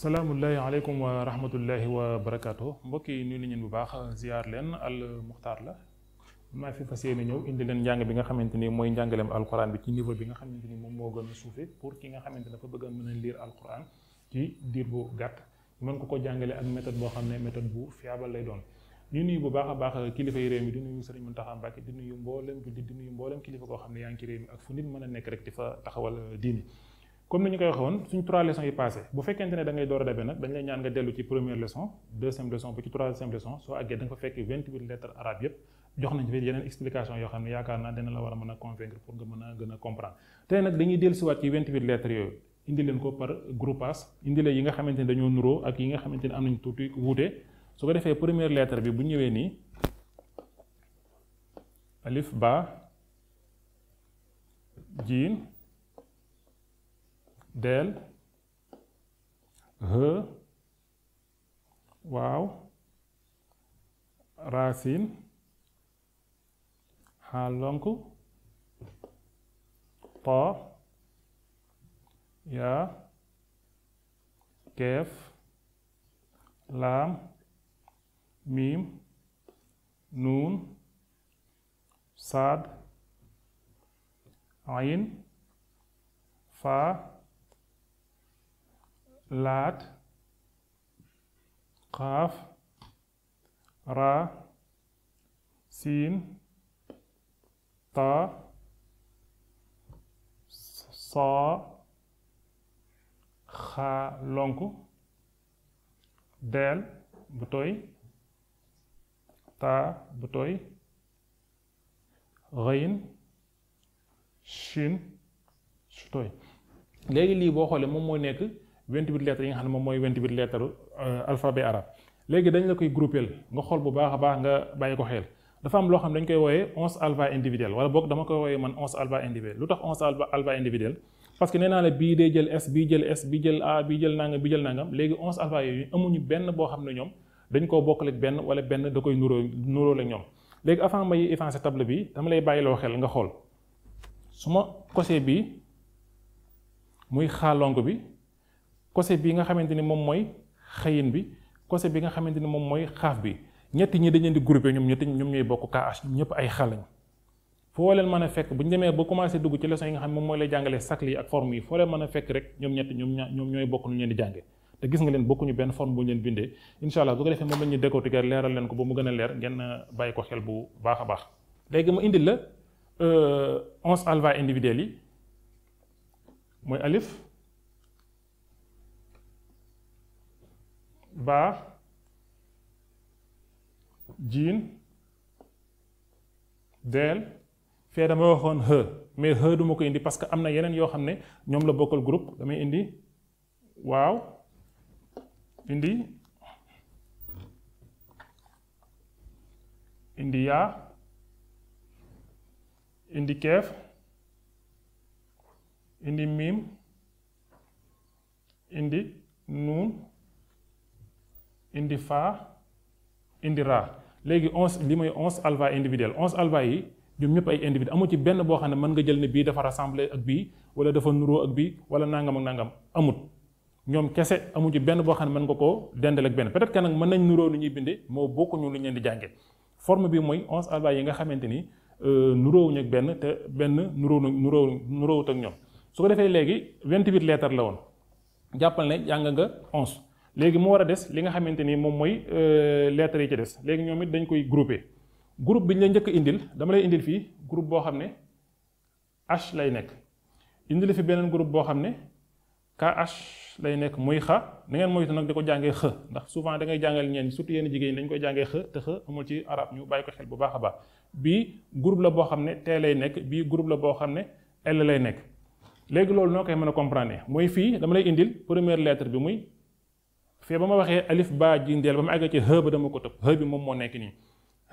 السلام عليكم ورحمة الله وبركاته بكي نولي نين بباخ زيار لين المختار لا ما في فسيه نيو اندي لين جانغ بيغا خامتيني موي جانغلم القران بي تي نيفو بيغا خامتيني موم مو غن سوفي بور كيغا خامتيني دا فا بغن من لير القران تي دير بو غات مان كوكو جانغلي اك ميثود بو خامني ميثود بو فيابل لاي دون ni nuyu bu baax a baax kilifa yi réew mi di nuyu sëriñ mën taxaam bàkki di nuyu mbooleem julli di nuyu mbooleem comme nous ñu koy waxoon suñ trois leçons yi passé bu fekkente ne da ngay door a vous nag dañ lay ñaan nga dellu ci première leçon deuxième leçon ba troisième leçon soo àggee da nga fa fekk lettres arabes yëpp jox nañ fi une explication yoo xam ne yaakaar naa la war a convaincre pour nga mën a gën a comprendre tey nag dañuy vous ci vingt lettres yooyu indi leen ko par groupage indi leen yi nga xamante ne dañoo une ak yi nga xamante ne am nañ tuuti wuute su ko defee première lettre bi bu alif ba jiin دال ه واو راسين حالونكو طا يا كيف لام ميم نون صاد عين فا laat xaaf raa siin taa saa xaa lonku del bu tooy taa bu tooy xëyin shin su tooy léegi lii boo xoole moom mooy nekk 28 lettres yi nga xam ne moom mooy 28 lettres euh, alphabet arabe léegi dañ la koy groupeel nga xool bu baax a baax nga bàyyi ko xel dafa am loo xam dañ koy wooyee onze alpha individuel wala boog dama koy wooyee man onze alpha individuel lu tax parce que nee naa la bii day jël S bii jël S bii jël A bii jël nangam bii jël nangam léegi onze alpha yooyu amuñu benn boo xam ne ñoom dañ koo bokkaleeg benn wala benn da koy nuroo nuroo la ñoom léegi avant may effacer table bi dama lay bàyyiloo nga xool su ma cosee bii muy xaalonk bi kose bi nga xamante ni moom mooy xëyin bi kose bi nga xamante ni moom mooy xaaf bi ñetti ñi dañ leen di groupé ñoom ñetti ñoom ñooy bokk KH ñëpp ay lañ foo leen mën a fekk bu ñu demee ba commencé dugg ci leçon yi nga xam moom mooy lay jàngalee yi ak forme yi foo leen mën a fekk rek ñoom ñett ñoom ñoom ñooy bokk nu leen di jàngee te gis nga leen bokkuñu benn forme bu ñu leen bindee incha allah bu ko defee moom lañu ñuy décortiquer leeral leen ko ba mu gën a leer ngeen euh, bàyyi ko xel bu baax a baax léegi mu indil la euh, onze alva individuel yi mooy alif baa jiin deel fee dama waxoon xë mais xë du ko indi parce que am na yeneen yoo xam ne ñoom la bokkal groupe damay indi waaw indi indi yaa indi keef indi miim indi nuun indi fa indi ra léegi 11 li 11 onze alva individuel 11 alva yi ñom ñep ay individu amu ci benn bo xamne man nga jël ni bi dafa rassembler ak bi wala dafa nuro ak bi wala nangam ak nangam amut ñom kese amu ci benn bo xamne man nga ko dendal ak benn peut être que nak man nañ nuro lu ñuy bindee moo bokkuñu lu ñu di jàngee forme bi moy 11 alva yi nga euh nuro nuroowuñ ak benn te benn nuro nuro nuroowut ak ñom su ko defee léegi 28 lettres la won jappal né jang nga 11 léegi mu war a des li nga xamante ni moom mooy euh, lettres yi ci des léegi ñoom it dañ koy groupé groupe bi ñu la njëkk indil dama lay indil fii groupe boo xam ne H lay nekk indil fi beneen groupe boo xam ne KH lay nekk muy xa na ngeen moytu nag di ko jàngee xë ndax souvent da ngay jàngal ñeen surtout yenn jigéen dañ koy jàngee xë te ci arab ñu bàyyi ko xel bu baax a baax bii groupe la boo xam ne T lay nekk bii groupe la boo xam ne L lay nekk léegi loolu noo koy mën a comprender mooy fii dama lay indil première lettre bi muy. fee ba ma waxee alif ba jindeel ba ma àggee ci hë dama ko tëb hë moom moo nekk nii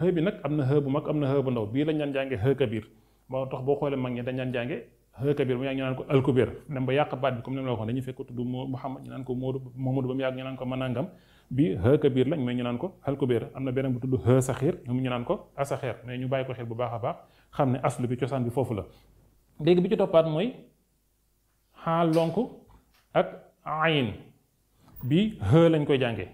hë bi nag am na hë mag am na hë bu ndaw bii lañ daan jànge hë kabir moo tax boo xoolee dañ daan jànge hë kabir mu yàgg ñu naan ko alkubér dem ba yàq baat bi comme ni ma la waxoon dañuy fekk tudd naan ko Moodu Mamadou ba mu yàgg ñu ko manangam am na beneen bu tudd hë saxiir ñoom ñu naan ko asaxeer mais ñu bàyyi ko xel bu baax a baax xam ne aslu bi cosaan bi foofu la léegi bi ci toppaat mooy xaa lonk ak ayin bi hë lañ koy jàngee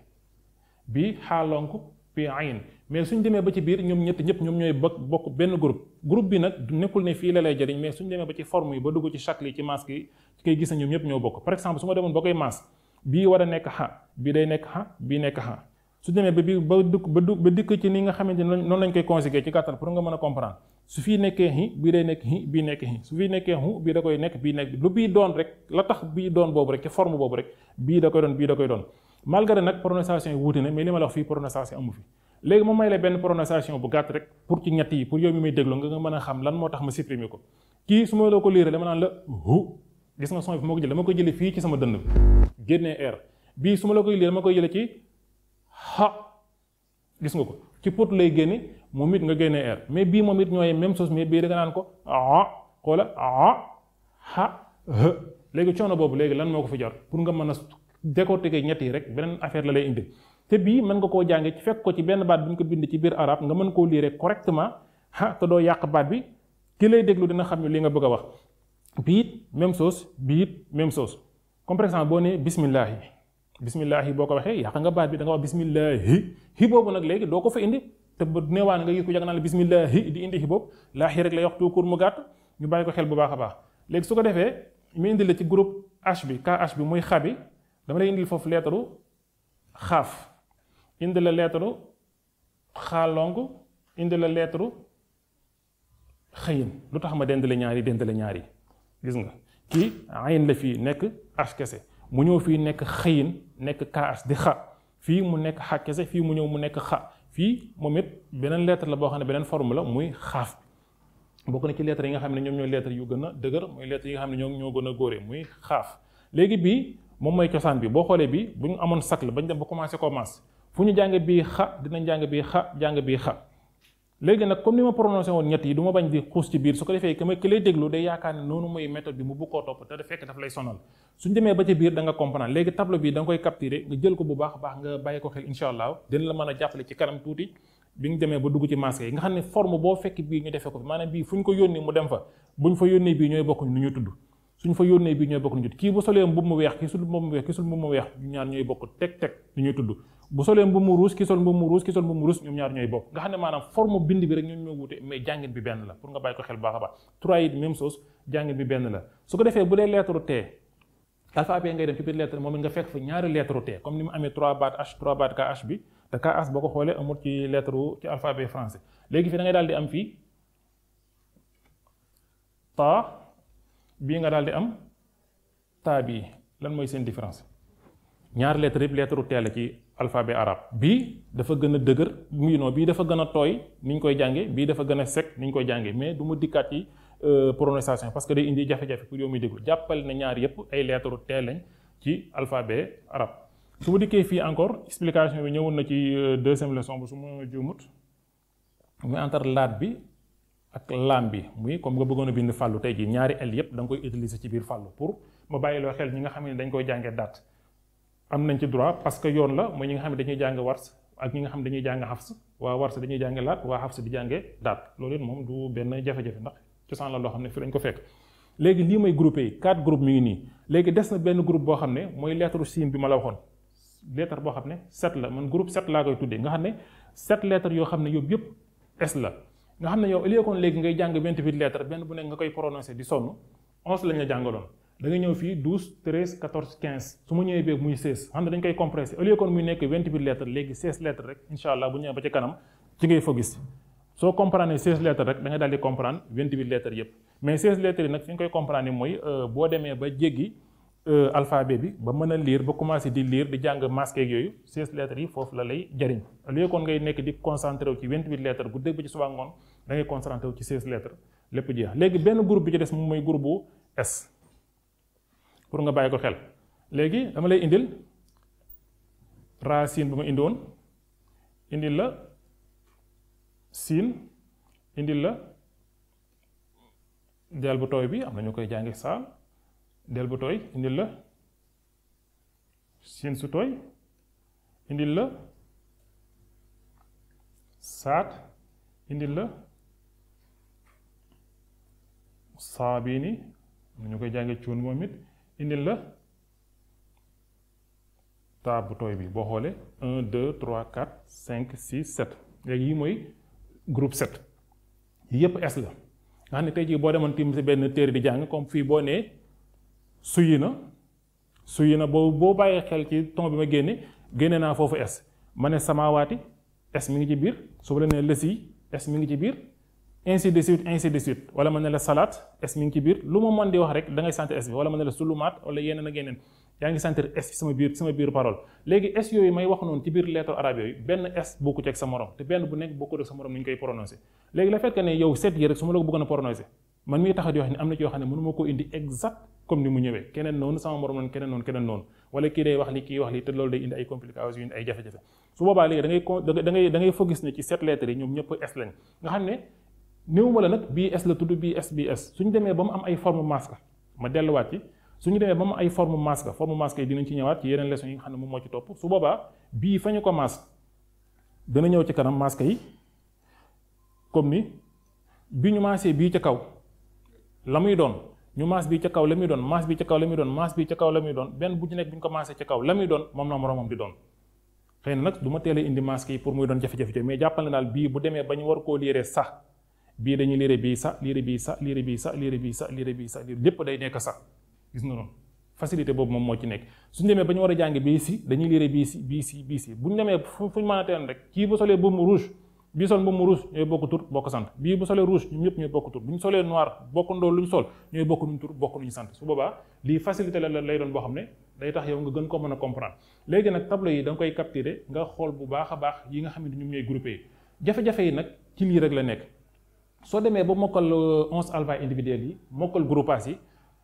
bi xaalonk bi ayin mais suñ demee ba ci biir ñoom ñett ñëpp ñoom ñooy bokk benn groupe groupe bi nag nekkul ne fii la lay jëriñ mais suñ demee ba ci forme yi ba dugg ci shakl yi ci masque yi koy gis na ñoom ñëpp ñoo bokk par exemple su ma ba koy masque bii war a nekk xa bii day nekk xa bii nekk xa su demee ba bii ba dugg ba dugg ci ni nga xamante ne noonu lañ koy conjuguer ci gàttal pour nga mën a comprendre su fi nekkee hi bi day nekk hi bii nekk hi su fi nekkee hu bii da koy nekk bii nekk lu bii doon rek la tax bii doon boobu rek ci forme boobu rek bii da koy doon bii da koy doon malgré nag prononciation yi wuute na mais li ma la wax fii prononciation amu fi léegi ma may la benn prononciation bu gàtt rek pour ci ñett yi pour yow mi may déglu nga nga mën a xam lan moo tax ma supprimer ko kii su ma la ko liiree dama naan la hu gis nga son bi fu ma ko jëlee dama ko jëlee fii ci sama dënd bi génnee air bii su ma la koy liiree dama koy jëlee ci ha gis nga ko ci pot lay génne moom it nga génne r mais bii moom it ñooy même chose mais bii da naan ko a ah, xoola ah, a xa léegi coono boobu léegi lan moo ko fi jot pour nga mën a décortiquer ñett yi rek beneen affaire la lay indi te bii mën nga koo jànge fekk ko ci benn baat bi ñu ko bind ci biir araab nga mën koo liire correctement ah te doo yàq baat bi ki lay déglu dina xam ne li nga bëgg a wax biit même chose biit même chose comme par exemple boo nee bismillahi bismillahi boo ko waxee yàq nga baat bi da nga wax bismillahi nag léegi doo ko fa indi te ba neewaan nga gis ko jàng naan la bismillahi di indi hi boobu laax yi rek lay wax tuukur mu gàtt ñu bàyyi ko xel bu baax a baax léegi su ko defee mu indi la ci groupe H bi KH bi muy xabi dama lay indil foofu leetaru xaaf indi la leetaru xaalong indi la leetaru xëyin lu tax ma dendale ñaari dendale ñaari gis nga kii ayin la fii nekk H kese mu ñëw fii nekk xëyin nekk KH di xa fii mu nekk xa kese fii mu ñëw mu nekk xa fii moom it beneen lettre la boo xam ne beneen forme la muy xaaf bi bokk na ci lettre yi nga xam ne ñoom ñooy lettre yu gën a dëgër mooy lettre yi nga xam ne ñoo ñoo gën a góore muy xaaf léegi bii moom mooy cosaan bi boo xoolee bi bu ñu amoon sakl bañ dem ba commencé commencé fu ñu jàng bii xa dinañ jàng bii xa jàng bii xa léegi nag comme ni ma prononcé woon ñett yi du ma bañ di xuus ci biir su ko defee que lay déglu day yaakaar ne noonu mooy méthode bi mu bëgg koo topp te da fekk daf lay sonal suñ demee ba ci biir da nga léegi tableau bi da koy capturer nga jël ko bu baax baax nga bàyyi ko xel incha allah dina la mën a jàppale ci kanam tuuti bi nga demee ba dugg ci masque yi nga xam ne forme boo fekk bii ñu defee ko fi maanaam bii fu ñu ko yónnee mu dem fa buñ fa yónnee bii ñooy ñu tudd suñ fa yónnee bi ñooy bokk ñu jot kii bu solee mbubb mu weex ki sul mbubb mu weex ki sul mbubb mu weex ñaar ñooy bokk teg teg ñu ñuy tudd bu solee mbubb mu ruus ki sol mbubb mu ruus ki sol mbubb mu ruus ñoom ñaar ñooy bokk nga xam ne maanaam forme bind bi rek ñoom ñoo wute mais jàngin bi benn la pour nga bàyyi ko xel baax a baax trois it même chose jàngin bi benn la su ko defee bu dee lettre T alphabet ngay dem ci biir lettre moom nga fekk fa ñaari lettre T comme ni mu amee trois baat H trois baat H bi te KH boo ko xoolee amul ci lettre ci alphabet français léegi fi da ngay daal di am fii ta bi nga daal di am taa bii lan mooy seen différence ñaari lettre yëpp lettre teel ci alphabet arab bii dafa gën a dëgër muy non bii dafa gën a tooy ni koy jàngee bii dafa gën a sec ni ñu koy jàngee mais du ma dikkaat ci euh, prononciation parce que day indi jafe-jafe pour yow muy déglu jàppal na ñaar yëpp ay lettre teel ci alphabet arab su ma dikkee fii encore explication bi ñëwoon na ci euh, deuxième leçon bu su ma juumut muy entre laat bi. ak lam bi muy comme nga bëggono bind fallu tay ji ñaari el yépp dang koy utiliser ci biir fallu pour ma bàyyiloo xel ñi nga xam ne dañ koy jàngee date am nañ ci droit parce que yoon la mooy ñi nga xam ne dañuy jàng wars ak ñi nga xam ne dañuy jàng hafs waa wars dañuy jàng laat waa hafs di jàngee date loolu it moom du benn jafe-jafe ndax cosaan la loo xam ne fi lañ ko fekk léegi lii may groupé yi quatre groupe mi ngi nii léegi des na benn groupe boo xam ne mooy lettre sim bi ma la waxoon lettre boo xam ne sept la man groupe sept laa koy tuddee nga xam ne sept lettres yoo xam ne yóbbu yëpp S la nga xam ne yow lieu kon léegi ngay jàng 28 lettres benn bu ne nga koy prononcer di sonn 11 la ñu jàngaloon da nga ñëw fii 12 13 14 15 su ma ñëwee beeg muy 16 xam ne dañ koy compresser au lieu kon muy nekk 28 lettres léegi 16 lettres rek incha allah bu ñëwee ba ci kanam ci ngay focus. gis comprendre 16 lettres rek da nga daal di comprendre 28 lettres yëpp mais 16 lettres yi nag fi nga koy comprendre mooy euh, boo demee ba jéggi euh, alphabet bi ba mën lire ba commencé di lire di jàng masque yeeg yooyu 16 lettres yi foofu la lay jëriñ au lieu kon ngay nekk di concentré wu ci 28 lettres bu dégg ba ci suba ngoon da ngay concentré wu ci 16 lettres lépp jeex léegi benn groupe bi ci des moom mooy groupe bu S pour nga bàyyi ko xel léegi dama lay indil racine bu ma indil la sin, indil la del bu toy bi am na ñu koy jàngi saal del bu toy indil la sin su toy indil la saat indil la ni ñu koy jànge cuun moom it indil la taab tooy bi boo xoolee un deux trois quatre cinq six sept yi mooy groupe sept yi yépp S la nga xam ne tey jii boo demoon tim si benn téere di jàng comme fii boo nee suyi na suyi na boo boo bàyyee xel ci ton bi ma génne génne naa foofu S ma ne samaawaati S mi ngi ci biir su ma la nee S mi ngi ci biir ainsi de suite ainsi de suite wala ma ne la salaat es mi ngi ci biir lu ma mën di wax rek da ngay sentir es bi wala ma ne la sulumaat wala yeneen ak yeneen yaa ngi sentir es ci sama biir sama biir parole léegi es yooyu may wax noonu ci biir lettre arabe yooyu benn es bokkut ak sa morom te benn bu nekk bokkut ak sa morom ni koy prononcé léegi la fekk ne yow set yi rek su ma la ko bëggoon a prononcé man mii tax na ci yoo xam ne mënu ma koo indi exact comme ne ci sept lettres yi ñoom ñëpp es lañ nga néewuma la nag bii S la tudd bii S bii S suñu demee ba mu am ay forme masque ma delluwaat ci suñu demee ba mu ay forme masque forme masque yi dina ci ñëwaat ci yeneen leçon yi nga ne moom moo ci boobaa bii fa ñu ko dana ñëw ci kanam masque yi comme ni bi ñu maasee bii ca kaw la muy doon ñu maas bii ca kaw la muy doon maas bii ca kaw la muy doon maas bii ca kaw benn bu ci nekk bu ñu ko maasee ca kaw la muy doon moom la moroomam di doon xëy na nag du ma teel a indi masque yi pour muy doon jafe-jafe mais jàppal na daal bii bu demee ba ñu war koo liiree sax bi dañuy lire bi sa lire bi sa lire bi sa lire bi sa lire bi sa liire lépp day nekk sa gis nga non facilité bobu mom mo ci nekk suñu demee bañu wara war a jàng bii si dañuy lire bi si bi si bi si buñu ñu fuñu fu ñu rek ki bu solé boobu rouge bi sol boobu rouge ñoy bokku tour bokku sante bi bu solé rouge ñun ñep ñoy bokku tour buñu solé noir bokku ndoo luñu sol ñoy bokku ñu tour bokku ñu sante su boba li facilité la lay doon bo xamné day tax yow nga gën ko mëna comprendre légui nak tableau yi dang koy capturer nga xol bu baaxa baax yi nga xam ne ñoy grouper jafé jafé yi nak ci li rek la nekk soo demee ba mokkal euh, onze alva individuels yi mokkal groupas yi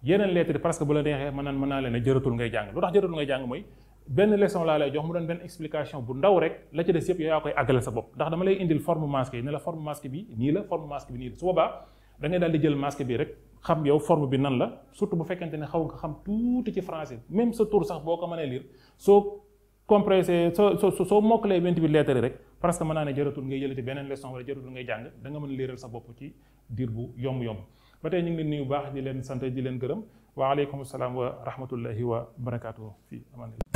yeneen lettres yi parce que bu la neexee mën naan mën naa leen a jëratul ngay jàng lu tax jëratul ngay jàng mooy benn leçon laa lay jox mu doon benn explication bu ndaw rek la ci des yëpp yaa koy àggale sa bopp ndax dama lay indil forme masque yi ne la forme masque bi nii la forme masque bi nii di jël masque bi rek xam yow forme bi nan la surtout bu fekkente ne xaw nga xam tuuti ci français même sa tur sax boo ko mënee lire soo compressé soo so soo mokk vingt huit lettres yi rek parce que mën naa ne jaratul ngay jëlati beneen leçon wala jaratul ngay jàng da nga mën léeral sa bopp ci diir bu yomb-yomb ba tey ñu ngi leen nuyu bu baax di leen sant di leen gërëm waaleykum salaam wa rahmatullahi wa barakaatu fii amanillah